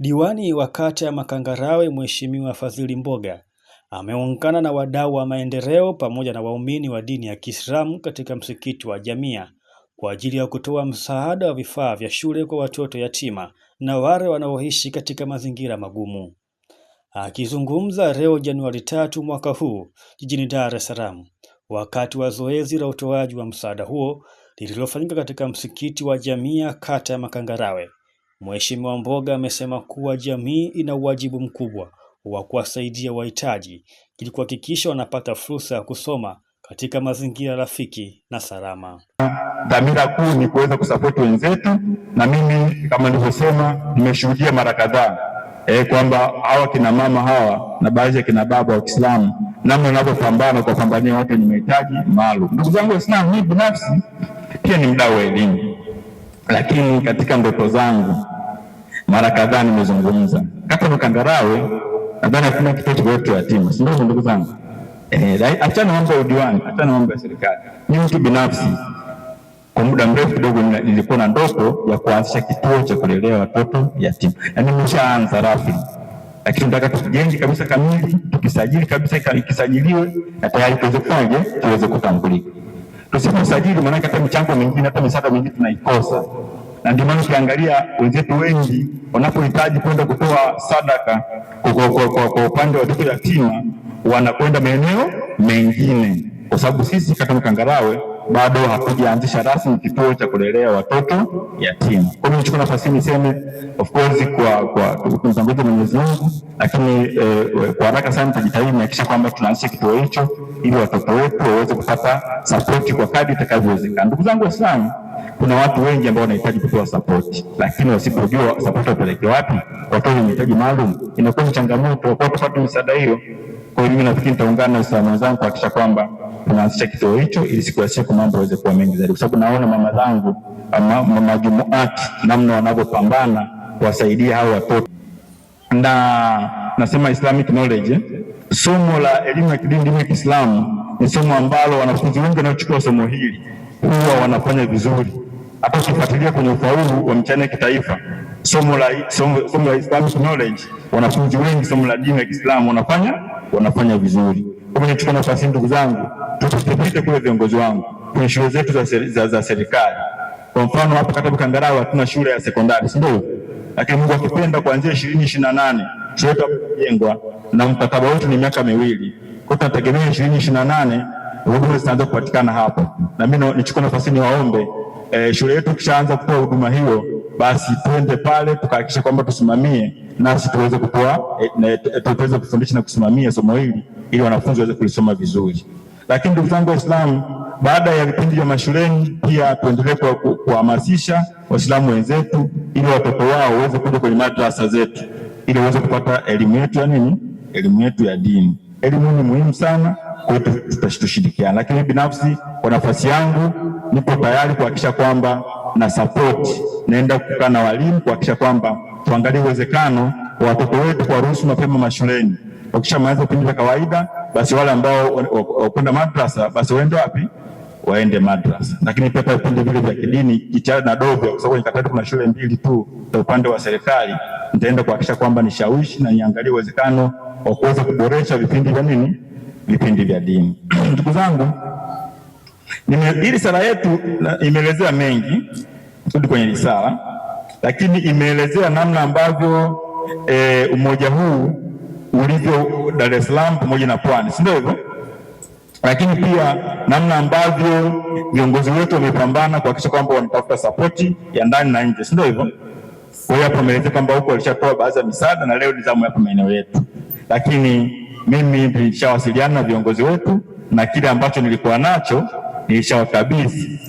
Diwani wa kata ya Makangarawe Mheshimiwa Fadhili Mboga ameungana na wadau wa maendeleo pamoja na waumini wa dini ya Kiislamu katika msikiti wa Jamia kwa ajili ya kutoa msaada wa vifaa vya shule kwa watoto yatima na wale wanaoishi katika mazingira magumu. Akizungumza leo Januari tatu mwaka huu jijini Dar es Salaam wakati wa zoezi la utoaji wa msaada huo lililofanyika katika msikiti wa Jamia kata ya Makangarawe Mheshimiwa Mboga amesema kuwa jamii ina uwajibu mkubwa wa kuwasaidia wahitaji ili kuhakikisha wanapata fursa ya kusoma katika mazingira rafiki na salama. Dhamira kuu ni kuweza kusapoti wenzetu, na mimi kama nilivyosema, nimeshuhudia mara kadhaa e, kwamba hawa kina mama hawa na baadhi ya kina baba wa Kiislamu namna wanavyopambana kuwapambania watu wenye mahitaji maalum. Ndugu zangu Waislamu, mimi binafsi pia ni mdau wa elimu, lakini katika ndoto zangu mara kadhaa nimezungumza. Kata ya Mkangarawe nadhani hakuna kituo cha yatima, si ndio ndugu zangu? Eh, achana mambo ya udiwani, achana mambo ya serikali. Ni mtu binafsi. Kwa muda mrefu kidogo nilikuwa na ndoto ya kuanzisha kituo cha kulelea watoto yatima, na nimeshaanza rafi, lakini nataka tujenge kabisa kamili, tukisajili kabisa, ikisajiliwe na tayari tuweze kufanya, tuweze kutambulika. Tusipojisajili, maanake hata michango mingine, hata misaada mingine tunaikosa na ndio maana ukiangalia wenzetu wengi wanapohitaji kwenda kutoa sadaka kwa upande wa watoto yatima wanakwenda maeneo mengine, kwa sababu sisi kata Kangarawe bado hatujaanzisha rasmi kituo cha kulelea watoto yatima. Kwa hiyo nichukue nafasi hii niseme of course kwa kwa kumtanguliza Mwenyezi Mungu, lakini eh, kwa haraka sana tutajitahidi kuhakikisha kwamba tunaanzisha kituo hicho ili watoto wetu waweze kupata sapoti kwa kadri itakavyowezekana. Ndugu zangu Waislamu, kuna watu wengi ambao wanahitaji kupewa support, lakini wasipojua support wapeleke wapi, watoto wenye mahitaji maalum, inakuwa ni changamoto kwa kupata msaada hiyo. Kwa hiyo mimi nafikiri nitaungana na usalama zangu kuhakikisha kwamba tunaanzisha kituo hicho, ili siku ya siku mambo yaweze kuwa mengi zaidi, kwa sababu naona mama zangu mama jumuati namna wanavyopambana kuwasaidia hao watoto, na nasema Islamic knowledge, somo la elimu ya kidini ya Kiislamu ni somo ambalo wanafunzi wengi wanaochukua somo hili huwa wanafanya vizuri. Hata ukifuatilia kwenye ufaulu wa mtihani ya kitaifa somo la somo, la Islamic knowledge, wanafunzi wengi somo la dini ya Kiislamu wanafanya wanafanya vizuri. Kwa hiyo nichukua nafasi ndugu zangu, tusipite kule viongozi wangu kwenye shule zetu za, seri, za, za serikali. Kwa mfano hapa Katavi Kangarau hatuna shule ya sekondari, si ndio? Lakini Mungu akipenda kuanzia 2028 ishirini na itajengwa na mkataba wetu ni miaka miwili, kwa hiyo tunategemea 2028 huduma zitaanza kupatikana hapa, na mimi nichukue nafasi niwaombe eh, shule yetu kishaanza kutoa huduma hiyo, basi tuende pale tukahakikisha kwamba tusimamie nasi tuweze kutoa eh, eh, tuweze kufundisha na kusimamia somo hili ili wanafunzi waweze kulisoma vizuri. Lakini ndugu zangu Waislamu, baada ya vipindi vya mashuleni pia tuendelee kuhamasisha Waislamu wenzetu ili watoto wao waweze kuja kwenye madrasa zetu ili waweze kupata elimu yetu ya nini? Elimu yetu ya dini. Elimu ni muhimu sana kwetu tutashirikiana, lakini binafsi kwa nafasi yangu niko tayari kuhakikisha kwamba na support, naenda kukaa na walimu kuhakikisha kwamba tuangalie uwezekano wa watoto wetu kuwaruhusu mapema mashuleni, wakishamaliza vipindi vya kawaida, basi wale ambao wakwenda madrasa basi waende wapi? Waende madrasa. Lakini pia kwa vipindi vile vya kidini jitihada na dogo, kwa sababu Nyakatati kuna shule mbili tu za upande wa serikali, nitaenda kuhakikisha kwamba nishawishi na niangalie uwezekano wa kuweza kuboresha vipindi vya nini vipindi vya dini. Ndugu zangu, ili sala yetu imeelezea mengi, turudi kwenye risala, lakini imeelezea namna ambavyo e, umoja huu ulivyo Dar es Salaam pamoja na Pwani, si ndio hivyo? Lakini pia namna ambavyo viongozi wetu wamepambana kuhakikisha kwamba wanatafuta sapoti ya ndani na nje, si ndio hivyo? Kwa hiyo hapo ameelezea kwamba huko walishatoa baadhi ya misaada na leo ni zamu ya maeneo yetu, lakini mimi nilishawasiliana na viongozi wetu na kile ambacho nilikuwa nacho nilishawakabidhi